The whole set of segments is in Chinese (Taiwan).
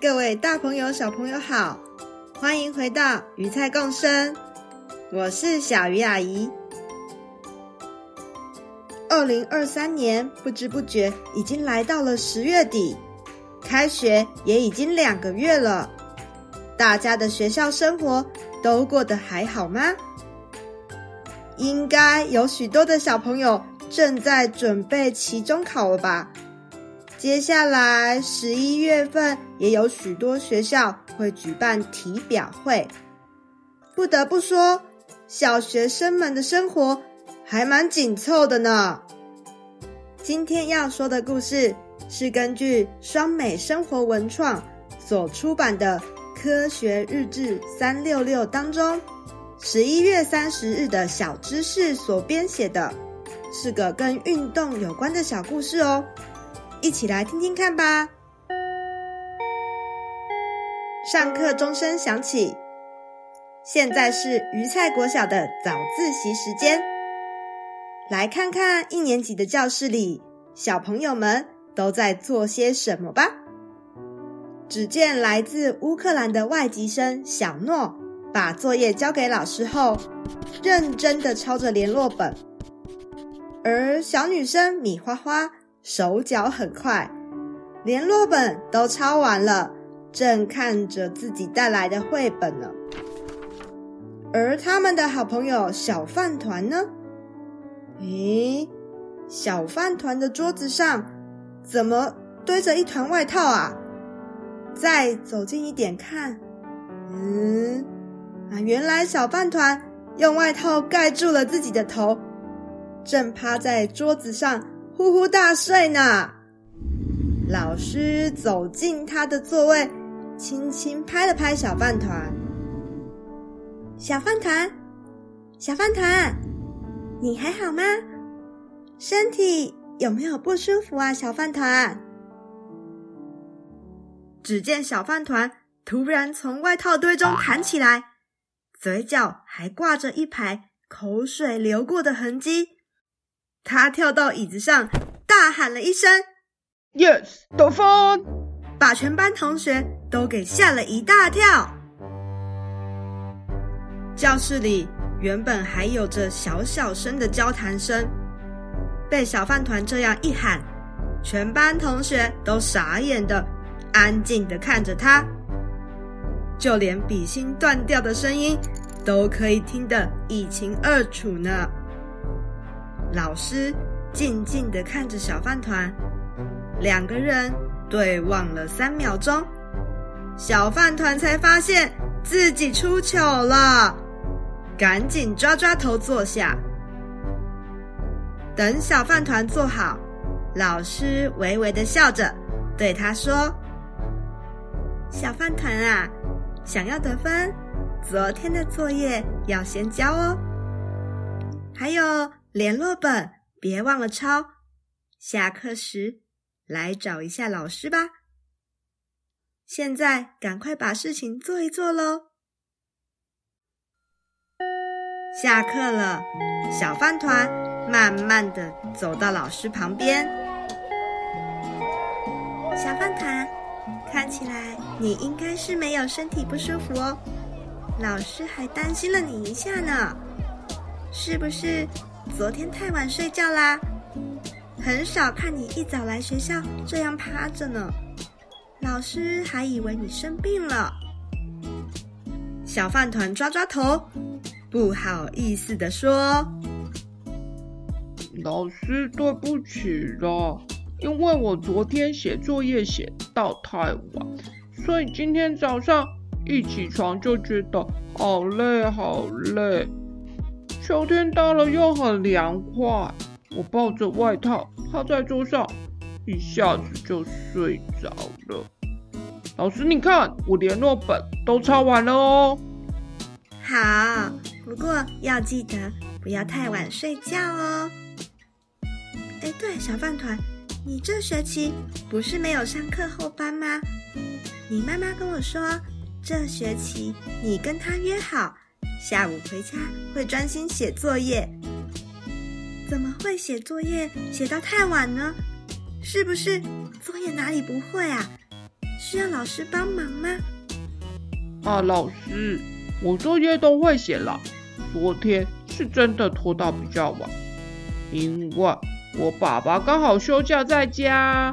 各位大朋友、小朋友好，歡迎回到魚菜共聲，我是小魚阿姨。二零二三年不知不覺已經來到了十月底，開學也已經兩個月了，大家的學校生活都過得還好嗎？應該有許多的小朋友正在準備期中考了吧？接下來十一月份也有許多學校會舉辦體表會，不得不說，小學生們的生活還蠻緊湊的呢。今天要說的故事是根據雙美生活文創所出版的《科學日誌三六六》當中十一月三十日的小知識所編寫的，是個跟運動有關的小故事哦。一起來聽聽看吧。上課鐘聲響起，現在是魚菜國小的早自習時間。來看看一年級的教室裡，小朋友們都在做些什麼吧。只見來自烏克蘭的外籍生小諾，把作業交給老師後，認真的抄着聯絡本，而小女生米花花。手腳很快，聯絡本都抄完了，正看着自己帶來的繪本呢。而他們的好朋友小飯糰呢？咦、欸，小飯糰的桌子上怎麼堆着一團外套啊？再走近一點看，嗯，啊，原來小飯糰用外套蓋住了自己的頭，正趴在桌子上。呼呼大睡呢。老師走近他的座位，輕輕拍了拍小飯糰。小飯糰，小飯糰，你還好嗎？身體有沒有不舒服啊？小飯糰。只見小飯糰突然從外套堆中彈起來，嘴角還掛着一排口水流過的痕跡。他跳到椅子上，大喊了一聲 “Yes，得分”，把全班同學都給嚇了一大跳。教室裡原本還有着小小聲的交談聲，被小飯糰這樣一喊，全班同學都傻眼的，安靜的看着他，就連筆芯斷掉的聲音都可以聽得一清二楚呢。老師靜靜的看着小飯團，兩個人對望了三秒鐘，小飯團才發現自己出糗了，趕緊抓抓頭坐下。等小飯團坐好，老師微微的笑着對他說：“小飯團啊，想要得分，昨天的作業要先交哦，還有。”聯絡本別忘了抄，下課時來找一下老師吧。現在趕快把事情做一做嘍。下課了，小飯糰慢慢地走到老師旁邊。小飯糰，看起來你應該是沒有身體不舒服哦，老師還擔心了你一下呢，是不是？昨天太晚睡覺啦，很少看你一早來學校這樣趴着呢，老師還以為你生病了。小飯團抓抓頭，不好意思的說：“老師，對不起啦，因為我昨天寫作業寫到太晚，所以今天早上一起床就覺得好累好累。”秋天到了，又很涼快。我抱着外套趴在桌上，一下子就睡着了。老師，你看，我聯絡本都抄完了哦。好，不過要記得不要太晚睡覺哦。哎、欸，對，小飯糰，你這學期不是沒有上課後班嗎？你媽媽跟我說，這學期你跟她約好，下午回家會專心寫作業，怎麼會寫作業寫到太晚呢？是不是作業哪裡不會啊？需要老師幫忙嗎？啊，老師，我作業都會寫了。昨天是真的拖到比較晚，因為我爸爸剛好休假在家，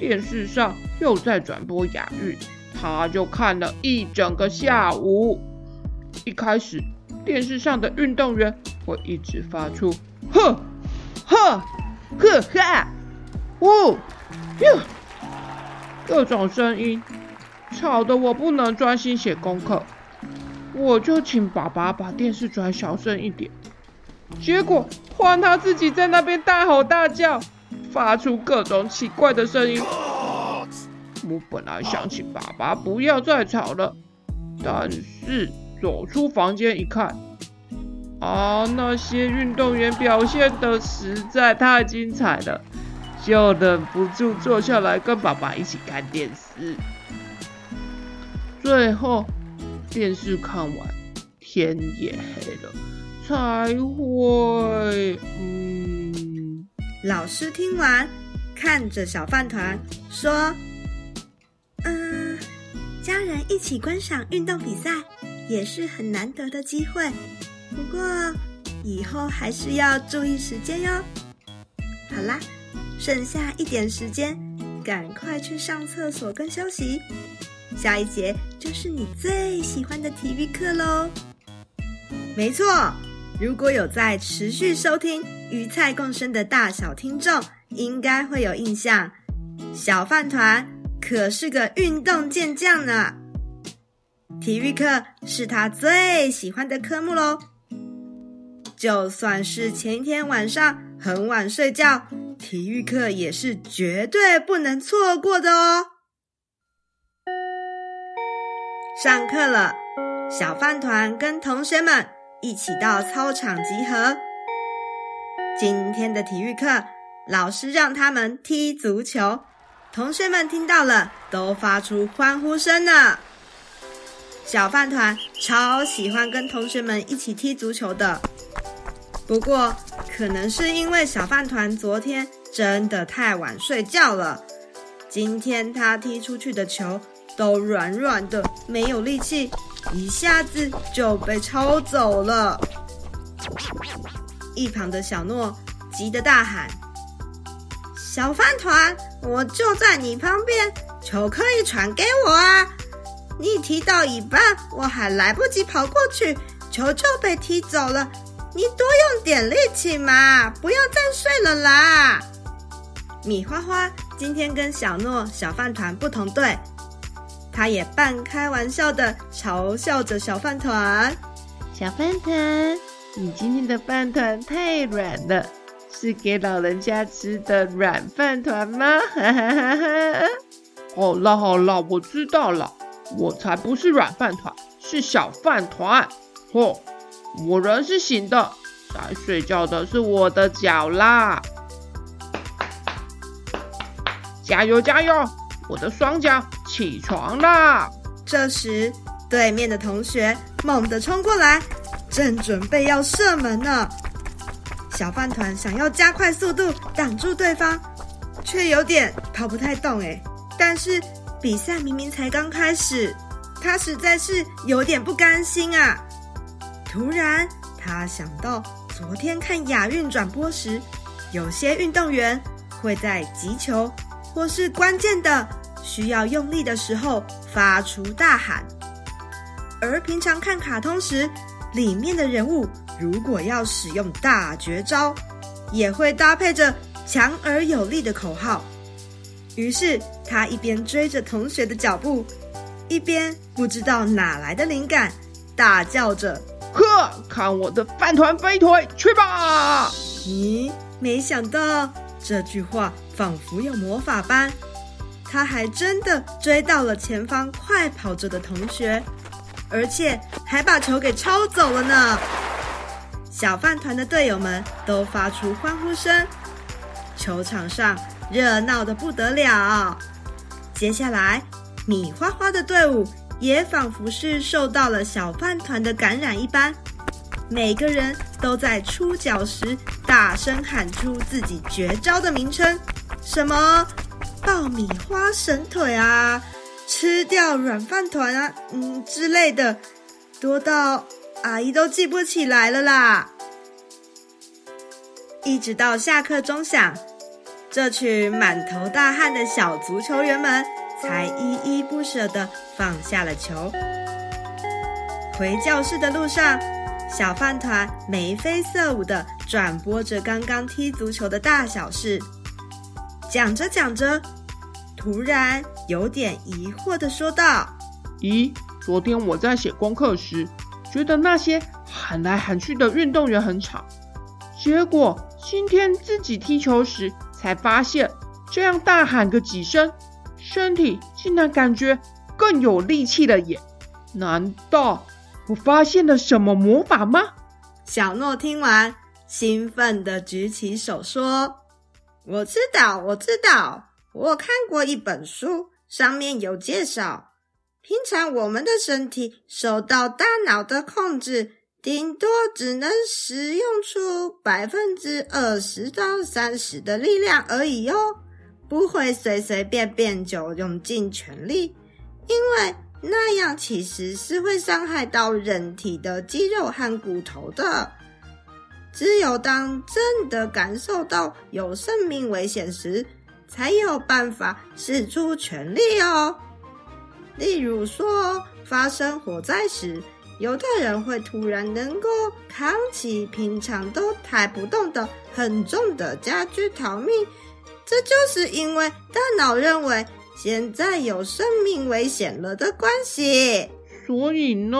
電視上又在轉播亞運，他就看了一整個下午，一開始。電視上的運動員會一直發出“呵，呵，呵哈，嗚，喲”各種聲音，吵得我不能專心寫功課。我就請爸爸把電視轉小聲一點，結果換他自己在那邊大吼大叫，發出各種奇怪的聲音。我本來想請爸爸不要再吵了，但是。走出房間一看，啊，那些運動員表現的實在太精彩了，就忍不住坐下來跟爸爸一起看電視。最後，電視看完，天也黑了，才會……嗯。老師聽完，看着小飯糰說：“嗯、呃，家人一起觀賞運動比賽。”也是很難得的機會，不過以後還是要注意時間喲。好啦，剩下一點時間，趕快去上廁所跟休息。下一節就是你最喜歡的體育課嘍。沒錯，如果有在持續收聽《魚菜共聲》的大小聽眾，應該會有印象，小飯糰可是個運動健將呢。體育課是他最喜歡的科目嘍。就算是前一天晚上很晚睡覺，體育課也是絕對不能錯過的哦。上課了，小飯團跟同學們一起到操場集合。今天的體育課，老師讓他們踢足球，同學們聽到了都發出歡呼聲呢。小飯糰超喜歡跟同學們一起踢足球的，不過可能是因為小飯糰昨天真的太晚睡覺了，今天他踢出去的球都軟軟的，沒有力氣，一下子就被抽走了。一旁的小諾急得大喊：“小飯糰，我就在你旁邊，球可以傳給我啊！”你踢到一半，我還來不及跑過去，球球被踢走了。你多用點力氣嘛，不要再睡了啦！」米花花今天跟小諾、小飯糰不同隊，他也半開玩笑的嘲笑着小飯團。「小飯糰，你今天的飯糰太軟了，是給老人家吃的軟飯糰嗎？哈哈哈哈哈！」「好啦好啦，我知道了。」。我才不是軟飯糰，是小飯糰。嚯、哦，我人是醒的，來睡覺的是我的腳啦！加油加油，我的雙腳起床啦！這時，對面的同學猛地衝過來，正準備要射門呢。小飯糰想要加快速度擋住對方，卻有點跑不太動哎，但是。比賽明明才剛開始，他實在是有點不甘心啊！突然，他想到昨天看亞運轉播時，有些運動員會在擊球或是關鍵的需要用力的時候發出大喊，而平常看卡通時，裡面的人物如果要使用大絕招，也會搭配着強而有力的口號。於是。他一邊追着同學的腳步，一邊不知道哪來的靈感，大叫着：“呵，看我的飯團飛腿去吧！”咦，沒想到這句話仿佛有魔法般，他還真的追到了前方快跑着的同學，而且還把球給抄走了呢！小飯團的隊友們都發出歡呼聲，球場上熱鬧得不得了。接下來，米花花的隊伍也仿佛是受到了小飯糰的感染一般，每個人都在出腳時大聲喊出自己絕招的名稱，什麼爆米花神腿啊，吃掉軟飯糰啊，嗯之類的，多到阿姨都記不起來了啦。一直到下課鐘響。這群滿頭大汗的小足球員們才依依不捨地放下了球。回教室的路上，小飯團眉飛色舞地轉播着剛剛踢足球的大小事，講着講着，突然有點疑惑地說道：“咦，昨天我在寫功課時，覺得那些喊來喊去的運動員很吵，結果今天自己踢球時。”才發現，這樣大喊個幾聲，身體竟然感覺更有力氣了耶！難道我發現了什麼魔法嗎？小諾聽完，興奮地舉起手說：“我知道，我知道，我看過一本書，上面有介紹。平常我們的身體受到大腦的控制。”頂多只能使用出百分之二十到三十的力量而已喲，哦，不會隨隨便便就用盡全力，因為那樣其實是會傷害到人體的肌肉和骨頭的。只有當真的感受到有生命危險時，才有辦法使出全力哦。例如說，發生火災時。有的人會突然能夠扛起平常都抬不動的很重的家具逃命，這就是因為大腦認為現在有生命危險了的關係。所以呢，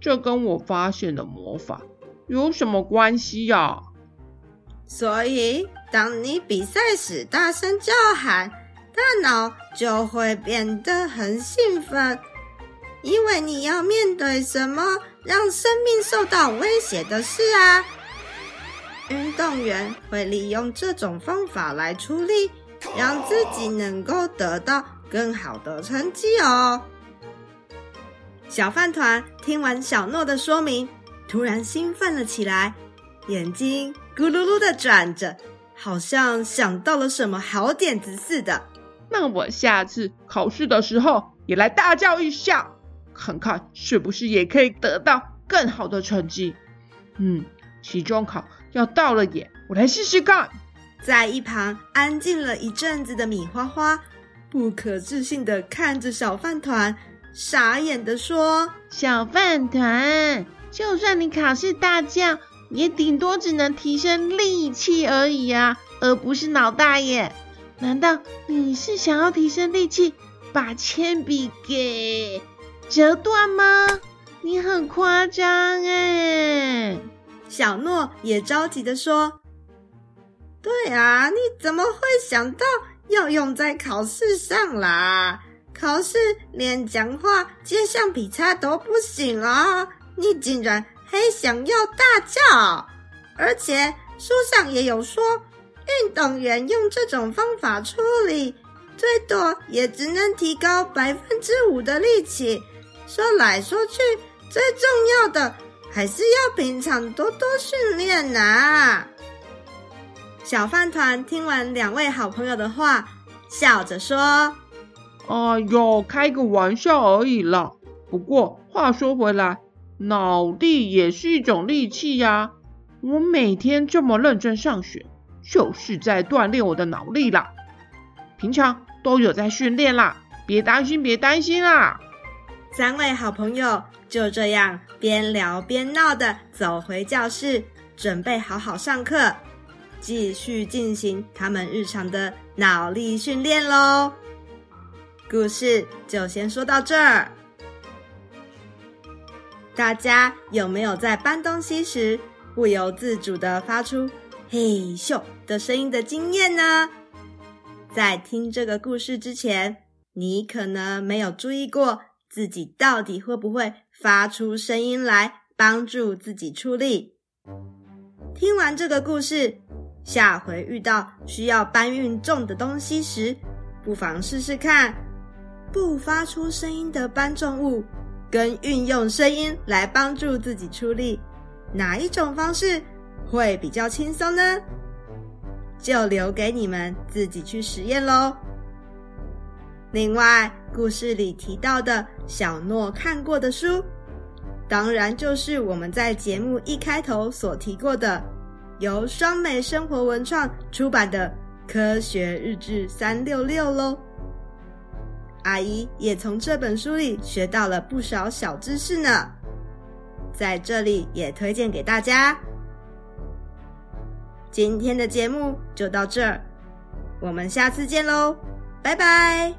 這跟我發現的魔法有什麼關係呀？所以，當你比賽時大聲叫喊，大腦就會變得很興奮。因為你要面對什麼讓生命受到威脅的事啊！運動員會利用這種方法來出力，讓自己能夠得到更好的成績哦。小飯糰聽完小諾的說明，突然興奮了起來，眼睛咕嚕嚕的轉着，好像想到了什麼好點子似的。那我下次考試的時候也來大叫一下。看看是不是也可以得到更好的成績？嗯，期中考要到了耶！我來試試看。在一旁安靜了一陣子的米花花，不可置信的看着小飯團，傻眼的說：“小飯團，就算你考試大叫，也頂多只能提升力氣而已啊，而不是腦袋耶。難道你是想要提升力氣，把鉛筆給？”折斷嗎？你很誇張欸！小諾也着急的說：“對啊，你怎麼會想到要用在考試上啦？考試連講話、接橡皮擦都不行啊、哦！你竟然還想要大叫！而且書上也有說，運動員用這種方法處理，最多也只能提高百分之五的力氣。”說來說去，最重要的還是要平常多多訓練吶。小飯糰聽完兩位好朋友的話，笑着說：“哎呦，開個玩笑而已啦。不過話說回來，腦力也是一種力氣呀。我每天這麼認真上學，就是在鍛鍊我的腦力啦。平常都有在訓練啦，別擔心，別擔心啦。”三位好朋友就這樣邊聊邊鬧地走回教室，準備好好上課，繼續進行他們日常的腦力訓練嘍。故事就先說到這兒。大家有沒有在搬東西時不由自主地發出“嘿咻”的聲音的經驗呢？在聽這個故事之前，你可能沒有注意過。自己到底會不會發出聲音來幫助自己出力？聽完這個故事，下回遇到需要搬運重的東西時，不妨試試看，不發出聲音的搬重物，跟運用聲音來幫助自己出力，哪一種方式會比較輕鬆呢？就留給你們自己去實驗嘍。另外，故事裡提到的小諾看過的書，當然就是我們在節目一開頭所提過的，由雙美生活文創出版的《科學日誌三六六》嘍。阿姨也從這本書裡學到了不少小知識呢，在這裡也推薦給大家。今天的節目就到這兒，我們下次見嘍，拜拜。